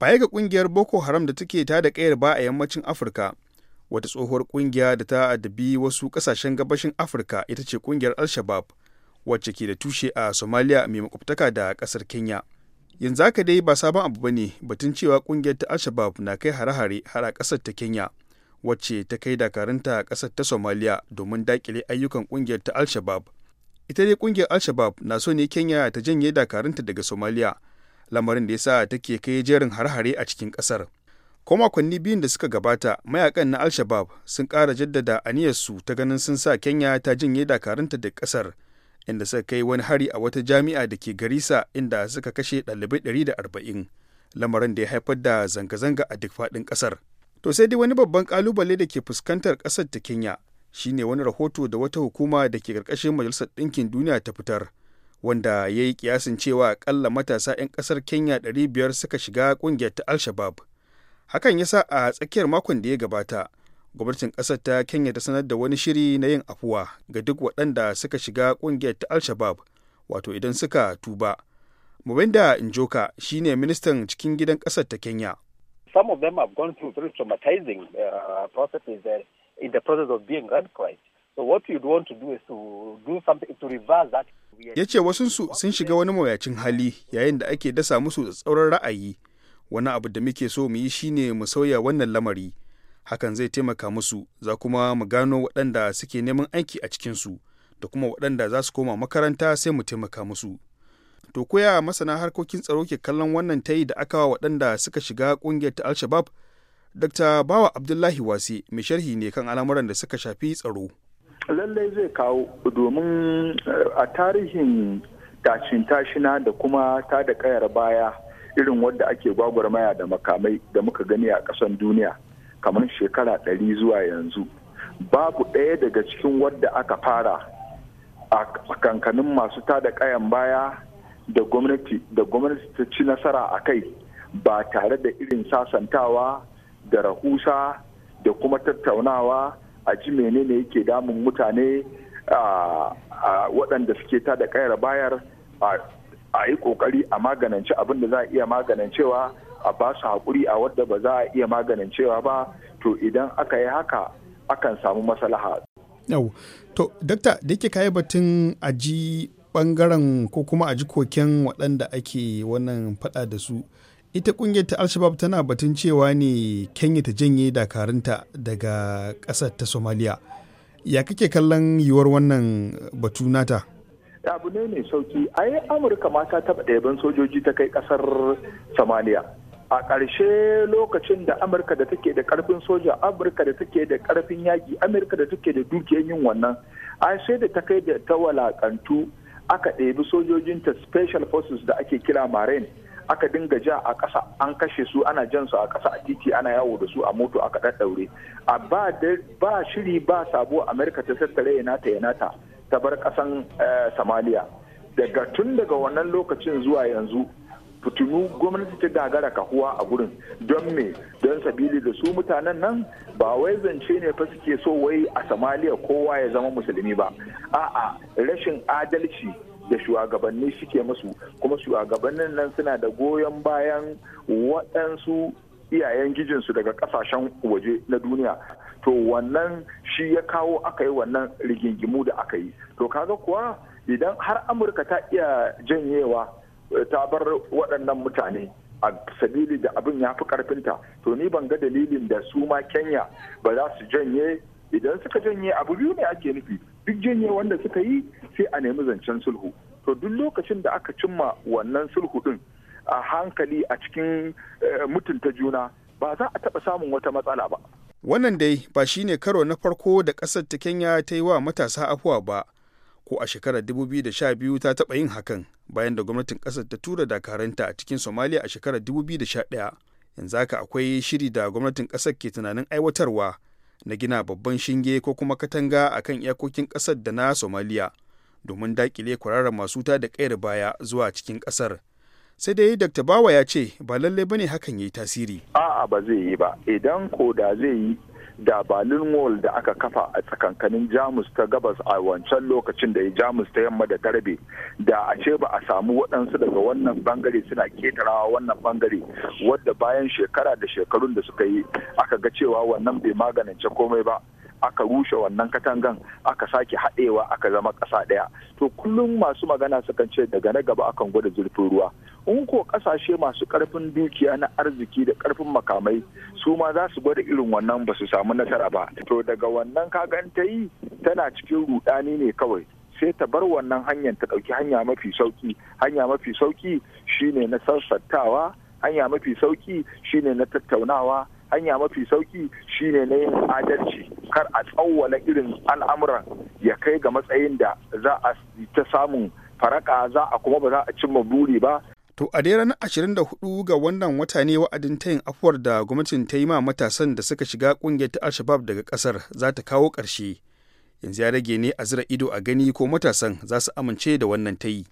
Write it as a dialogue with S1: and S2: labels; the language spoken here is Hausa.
S1: baya ga kungiyar boko haram da take ta da kayar ba a yammacin afirka wata tsohuwar kungiya da ta adabi wasu kasashen gabashin afirka ita ce kungiyar alshabab wacce ke da tushe a somalia mai makwabtaka da kasar kenya yanzu haka dai ba sabon abu bane batun cewa kungiyar ta al na kai hare-hare har a kasar ta kenya wacce ta kai dakarunta a kasar ta somalia domin dakile ayyukan kungiyar ta al ita dai kungiyar alshabab na so ne kenya ta janye dakarunta daga somalia lamarin da ya sa take kai jerin har-hare a cikin ƙasar. Ko makonni biyun da suka gabata, mayakan na Al-Shabab sun ƙara jaddada aniyarsu ta ganin sun sa Kenya ta jinye dakarunta da ƙasar, inda suka kai wani hari a wata jami'a da ke Garissa inda suka kashe ɗalibai ɗari da arba'in, lamarin da ya haifar da zanga-zanga a duk faɗin ƙasar. To sai dai wani babban ƙalubale da ke fuskantar ƙasar ta Kenya shine wani rahoto da wata hukuma da ke ƙarƙashin Majalisar Ɗinkin Duniya ta fitar. wanda ya yi kiyasin cewa akalla matasa 'yan kasar kenya 500 suka shiga kungiyar ta alshabab hakan ya sa a tsakiyar makon da ya gabata gwamnatin kasar ta kenya ta sanar da wani shiri na yin afuwa ga duk waɗanda suka shiga kungiyar ta alshabab wato idan suka tuba mubinda njoka shine ministan cikin gidan kasar ta kenya
S2: some of them have gone through very traumatizing uh, processes uh, in the process of being radicalized So what
S1: Ya ce wasunsu sun shiga wani mawuyacin hali yayin da ake dasa musu da tsauran ra'ayi. Wani abu da muke so mu yi shine mu sauya wannan lamari. Hakan zai taimaka musu, za kuma mu gano waɗanda suke neman aiki a cikinsu, da kuma waɗanda za su koma makaranta sai mu taimaka musu. To koya masana harkokin tsaro ke kallon wannan tayi da aka wa waɗanda suka shiga ƙungiyar ta Al-Shabab? Dr. Bawa Abdullahi wase mai sharhi ne kan al'amuran da suka shafi tsaro.
S2: lallai zai kawo domin eh, a tarihin tashin tashina da kuma ta da kayar baya irin wadda ake gwagwarmaya da makamai da muka gani a ƙasan duniya kamar shekara ɗari zuwa yanzu babu ɗaya daga cikin wadda aka fara a kankanin masu da kayan baya da da gwamnati ta ci nasara a kai ba tare da irin sasantawa da rahusa da kuma tattaunawa a ji menene yake damun mutane a waɗanda suke ta da kayar bayar a yi kokari a maganance abin da za a iya maganancewa a ba su haƙuri a wadda ba za a iya maganancewa ba to idan aka yi haka akan samu maslaha.
S1: yau to dakta da yake kayi batun a ji ɓangaren ko kuma a ji koken waɗanda ake wannan faɗa da su ita kungiyar ta alshabab tana batun cewa ne kenya ta janye dakarunta daga kasar ta somaliya ya kake kallon yiwuwar wannan batu nata
S2: abu ne mai sauki ai amurka ma ta taɓa ɗaban sojoji ta kai kasar somaliya a ƙarshe lokacin da amurka da take da ƙarfin soja amurka da take da ƙarfin yaƙi amurka da take da dukiyar yin wannan ai sai da ta kai da ta walakantu aka ɗebi sojojinta special forces da ake kira marine aka dinga ja a ƙasa an kashe su ana jan su a ƙasa a titi ana yawo da su a moto aka daddaure a ba ba shiri ba sabo amerika ta tattare ya nata ya ta ta bar ƙasan eh, samaliya daga tun daga wannan lokacin zuwa yanzu fitinu gwamnati ta gagara kahuwa a gurin don me don sabili da su mutanen nan ba wai zance ne fa suke so wai a samaliya kowa ya zama musulmi ba a'a rashin adalci da shugabanni suke musu kuma shugabannin nan suna da goyon bayan waɗansu iyayen gijinsu daga ƙasashen waje na duniya to wannan shi ya kawo aka yi wannan rigingimu da aka yi to kaga kuwa idan har amurka ta iya janyewa eh, ta bar waɗannan mutane a sabili da abin ya fi karfinta to ni ban ga dalilin da su ma kenya ba za su janye idan suka janye abu biyu ne ake nufi duk janye wanda suka yi sai a nemi zancen sulhu to duk lokacin da aka cimma wannan sulhu din a hankali a cikin eh, mutunta juna ba za a taɓa samun wata matsala
S1: ba wannan dai ba shine karo na farko da ƙasar ta kenya ta yi wa matasa afuwa ba ko a shekarar 2012 ta taɓa yin hakan bayan da gwamnatin ƙasar ta tura dakaranta a cikin somalia a shekarar 2011 yanzu haka akwai shiri da gwamnatin ƙasar ke tunanin aiwatarwa na gina babban shinge ko kuma katanga a kan iyakokin ƙasar da na somaliya domin daƙile kwararren masu ta da ƙayar baya zuwa cikin ƙasar sai dai dr bawa ya ce ba lallai ba ne hakan ya yi tasiri
S2: a'a ba zai yi ba idan ko da zai yi da berlin wall da aka kafa a tsakankanin jamus ta gabas a wancan lokacin da ya jamus ta yamma da tarbe da a ce ba a samu waɗansu daga wannan bangare suna ketarawa wannan bangare wadda bayan shekara da shekarun da suka yi aka ga cewa wannan bai maganance komai ba aka rushe wannan katangan aka sake haɗewa aka zama ƙasa ɗaya to kullum masu magana sukan ce daga na gaba akan gwada zurfin ruwa in ko ƙasashe masu ƙarfin dukiya na arziki da ƙarfin makamai su ma za su gwada irin wannan ba su samu nasara ba to daga wannan kagan ta yi tana cikin rudani ne kawai sai ta bar wannan hanyar ta ɗauki hanya mafi sauki hanya mafi sauki shine na sassattawa hanya mafi sauki shine na tattaunawa hanya mafi sauki shine na yin adalci kar a tsawwala irin al'amuran ya kai ga matsayin da za a ta samun faraka za a kuma ba za a cimma buri ba
S1: To a dai ranar hudu ga wannan wata ne wa'adin tayin afuwar da gwamnatin ta yi ma matasan da suka shiga kungiyar ta Alshabab daga kasar za ta kawo ƙarshe. Yanzu ya rage ne a zira ido a gani ko matasan za su amince da wannan ta yi.